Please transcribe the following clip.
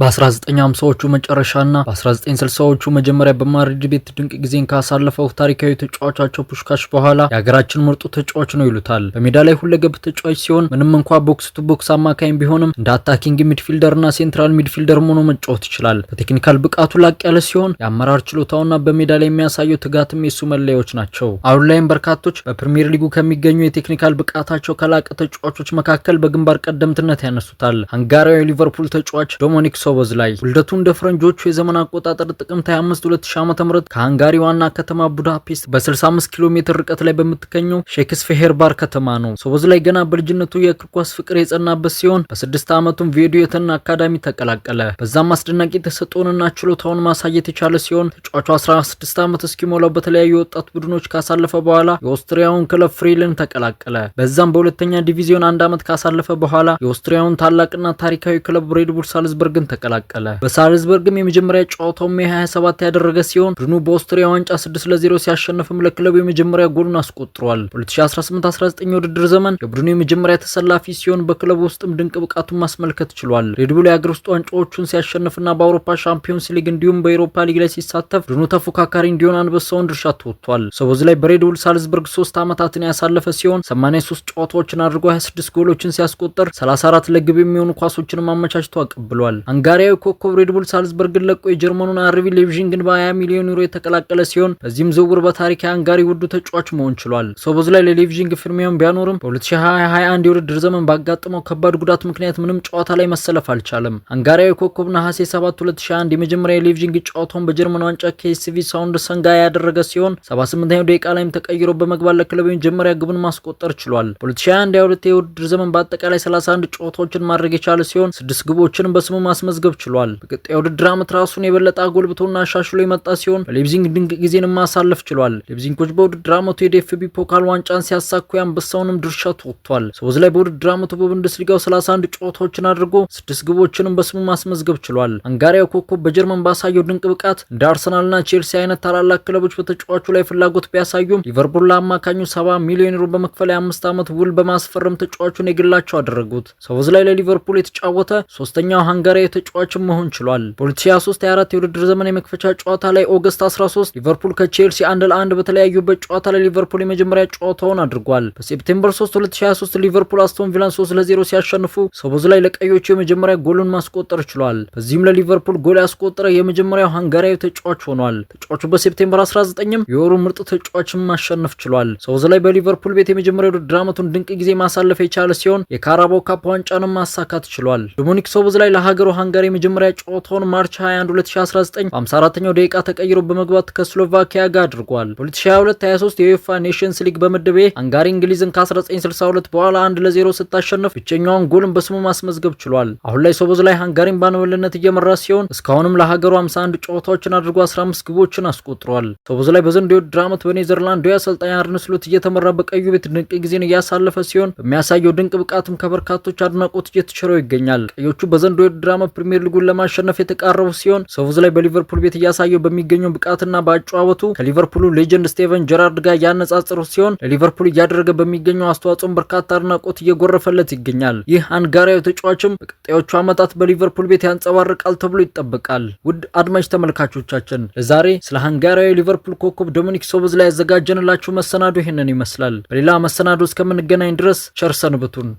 በ1950ዎቹ መጨረሻና በ1960ዎቹ መጀመሪያ በማድሪድ ቤት ድንቅ ጊዜን ካሳለፈው ታሪካዊ ተጫዋቻቸው ፑሽካሽ በኋላ የሀገራችን ምርጡ ተጫዋች ነው ይሉታል። በሜዳ ላይ ሁለገብ ተጫዋች ሲሆን ምንም እንኳ ቦክስ ቱ ቦክስ አማካኝ ቢሆንም እንደ አታኪንግ ሚድፊልደርና ሴንትራል ሚድፊልደር ሆኖ መጫወት ይችላል። በቴክኒካል ብቃቱ ላቅ ያለ ሲሆን የአመራር ችሎታውና በሜዳ ላይ የሚያሳየው ትጋትም የሱ መለያዎች ናቸው። አሁን ላይም በርካቶች በፕሪምየር ሊጉ ከሚገኙ የቴክኒካል ብቃታቸው ከላቀ ተጫዋቾች መካከል በግንባር ቀደምትነት ያነሱታል። ሃንጋሪያዊ ሊቨርፑል ተጫዋች ዶሞኒክ ሶበዝ ላይ ውልደቱ እንደ ፈረንጆቹ የዘመን አቆጣጠር ጥቅምት 25 2000 ም ከሃንጋሪ ዋና ከተማ ቡዳፔስት በ65 ኪሎ ሜትር ርቀት ላይ በምትገኘው ሼክስፌሄር ባር ከተማ ነው። ሶበዝ ላይ ገና በልጅነቱ የእግር ኳስ ፍቅር የጸናበት ሲሆን በስድስት ዓመቱም ቪዲዮተን አካዳሚ ተቀላቀለ። በዛም አስደናቂ ተሰጥኦንና ችሎታውን ማሳየት የቻለ ሲሆን ተጫዋቹ 16 ዓመት እስኪሞላው በተለያዩ የወጣት ቡድኖች ካሳለፈ በኋላ የኦስትሪያውን ክለብ ፍሬልን ተቀላቀለ። በዛም በሁለተኛ ዲቪዚዮን አንድ ዓመት ካሳለፈ በኋላ የኦስትሪያውን ታላቅና ታሪካዊ ክለብ ሬድቡል ሳልዝበርግን ተቀላቀለ። በሳልዝበርግም የመጀመሪያ ጨዋታው ሜ 27 ያደረገ ሲሆን ቡድኑ በኦስትሪያ ዋንጫ 6 ለ0 ሲያሸንፍም ለክለቡ የመጀመሪያ ጎሉን አስቆጥሯል። በ2018/19 የውድድር ዘመን የቡድኑ የመጀመሪያ ተሰላፊ ሲሆን በክለቡ ውስጥም ድንቅ ብቃቱን ማስመልከት ችሏል። ሬድቡል የአገር ውስጥ ዋንጫዎቹን ሲያሸንፍና በአውሮፓ ሻምፒዮንስ ሊግ እንዲሁም በኤሮፓ ሊግ ላይ ሲሳተፍ ቡድኑ ተፎካካሪ እንዲሆን አንበሳውን ድርሻ ተወጥቷል። ሰቦዝ ላይ በሬድቡል ሳልዝበርግ 3 ዓመታትን ያሳለፈ ሲሆን 83 ጨዋታዎችን አድርጎ 26 ጎሎችን ሲያስቆጥር 34 ለግብ የሚሆኑ ኳሶችንም አመቻችቶ አቀብሏል። ሃንጋሪያዊ ኮከብ ሬድቡል ሳልዝበርግን ለቆ የጀርመኑን አርቢ ሌቪዥንግን በ20 ሚሊዮን ዩሮ የተቀላቀለ ሲሆን በዚህም ዝውውር በታሪክ የሃንጋሪ ውዱ ተጫዋች መሆን ችሏል። ሶቦዝ ላይ ለሌቪዥንግ ፍርሚያውን ቢያኖርም በ2021 የውድድር ዘመን ባጋጠመው ከባድ ጉዳት ምክንያት ምንም ጨዋታ ላይ መሰለፍ አልቻለም። ሃንጋሪያዊ ኮከብ ነሐሴ 7 2021 የመጀመሪያ የሌቪዥንግ ጨዋታውን በጀርመን ዋንጫ ኬስቪ ሳውንድ ሰንጋ ያደረገ ሲሆን 78ኛው ደቂቃ ላይም ተቀይሮ በመግባት ለክለቡ የመጀመሪያ ግብን ማስቆጠር ችሏል። በ2021 የውድድር ዘመን በአጠቃላይ 31 ጨዋታዎችን ማድረግ የቻለ ሲሆን ስድስት ግቦችንም በስሙ ማስመዝ ማስመዝገብ ችሏል። በቀጣይ ውድድር ዓመት ራሱን የበለጠ አጎልብቶና አሻሽሎ የመጣ ሲሆን በሌብዚንግ ድንቅ ጊዜን ማሳለፍ ችሏል። ሌብዚንጎች በውድድር ዓመቱ የዴፍቢ ፖካል ዋንጫን ሲያሳኩ የአንበሳውንም ድርሻ ተወጥቷል። ሰውዝ ላይ በውድድር ዓመቱ በቡንደስሊጋው 31 ጨዋታዎችን አድርጎ ስድስት ግቦችንም በስሙ ማስመዝገብ ችሏል። አንጋሪያው ኮከብ በጀርመን ባሳየው ድንቅ ብቃት እንደ አርሰናልና ቼልሲ አይነት ታላላቅ ክለቦች በተጫዋቹ ላይ ፍላጎት ቢያሳዩም ሊቨርፑል ለአማካኙ 70 ሚሊዮን ዩሮ በመክፈል የአምስት ዓመት ውል በማስፈረም ተጫዋቹን የግላቸው አደረጉት። ሰውዝ ላይ ለሊቨርፑል የተጫወተ ሶስተኛው ሃንጋሪያዊ ተጫዋችም መሆን ችሏል። በ2023 24 የውድድር ዘመን የመክፈቻ ጨዋታ ላይ ኦገስት 13 ሊቨርፑል ከቼልሲ አንድ ለአንድ በተለያዩበት ጨዋታ ላይ ሊቨርፑል የመጀመሪያ ጨዋታውን አድርጓል። በሴፕቴምበር 3 2023 ሊቨርፑል አስቶን ቪላን 3 ለ0 ሲያሸንፉ ሰቦዝ ላይ ለቀዮቹ የመጀመሪያ ጎሉን ማስቆጠር ችሏል። በዚህም ለሊቨርፑል ጎል ያስቆጠረ የመጀመሪያው ሃንጋሪያዊ ተጫዋች ሆኗል። ተጫዋቹ በሴፕቴምበር 19ም የወሩ ምርጥ ተጫዋችን ማሸነፍ ችሏል። ሰቦዝ ላይ በሊቨርፑል ቤት የመጀመሪያ ውድድር ዓመቱን ድንቅ ጊዜ ማሳለፍ የቻለ ሲሆን የካራባው ካፕ ዋንጫንም ማሳካት ችሏል። ዶሚኒክ ሶቦዝ ላይ ለሀገሩ ሃንጋሪ የመጀመሪያ ጨዋታውን ማርች 21 2019 54ኛው ደቂቃ ተቀይሮ በመግባት ከስሎቫኪያ ጋር አድርጓል። 2022-23 የዩኤፋ ኔሽንስ ሊግ በምድብ አንጋሪ ሃንጋሪ እንግሊዝን ከ1962 በኋላ 1 ለ0 ስታሸነፍ ብቸኛውን ጎልን በስሙ ማስመዝገብ ችሏል። አሁን ላይ ሶቦዝ ላይ ሃንጋሪን ባነበልነት እየመራ ሲሆን እስካሁንም ለሀገሩ 51 ጨዋታዎችን አድርጎ 15 ግቦችን አስቆጥሯል። ሶቦዝ ላይ በዘንድ የውድድር ዓመት በኔዘርላንዳዊ አሰልጣኝ አርነ ስሎት እየተመራ በቀዩ ቤት ድንቅ ጊዜን እያሳለፈ ሲሆን በሚያሳየው ድንቅ ብቃትም ከበርካቶች አድናቆት እየተቸረው ይገኛል። ቀዮቹ በዘንድ የውድድር ዓመት ፕሪምየር ሊጉን ለማሸነፍ የተቃረቡ ሲሆን ሰውዝ ላይ በሊቨርፑል ቤት እያሳየው በሚገኘው ብቃትና በአጨዋወቱ ከሊቨርፑሉ ሌጀንድ ስቴቨን ጀራርድ ጋር ያነጻጽሩ ሲሆን ለሊቨርፑል እያደረገ በሚገኘው አስተዋጽኦን በርካታ አድናቆት እየጎረፈለት ይገኛል። ይህ አንጋራዊ ተጫዋችም በቀጣዮቹ ዓመታት በሊቨርፑል ቤት ያንጸባርቃል ተብሎ ይጠበቃል። ውድ አድማጭ ተመልካቾቻችን ለዛሬ ስለ ሃንጋሪያዊ ሊቨርፑል ኮከብ ዶሚኒክ ሶቦዝ ላይ ያዘጋጀንላችሁ መሰናዶ ይህንን ይመስላል። በሌላ መሰናዶ እስከምንገናኝ ድረስ ቸር ሰንብቱን።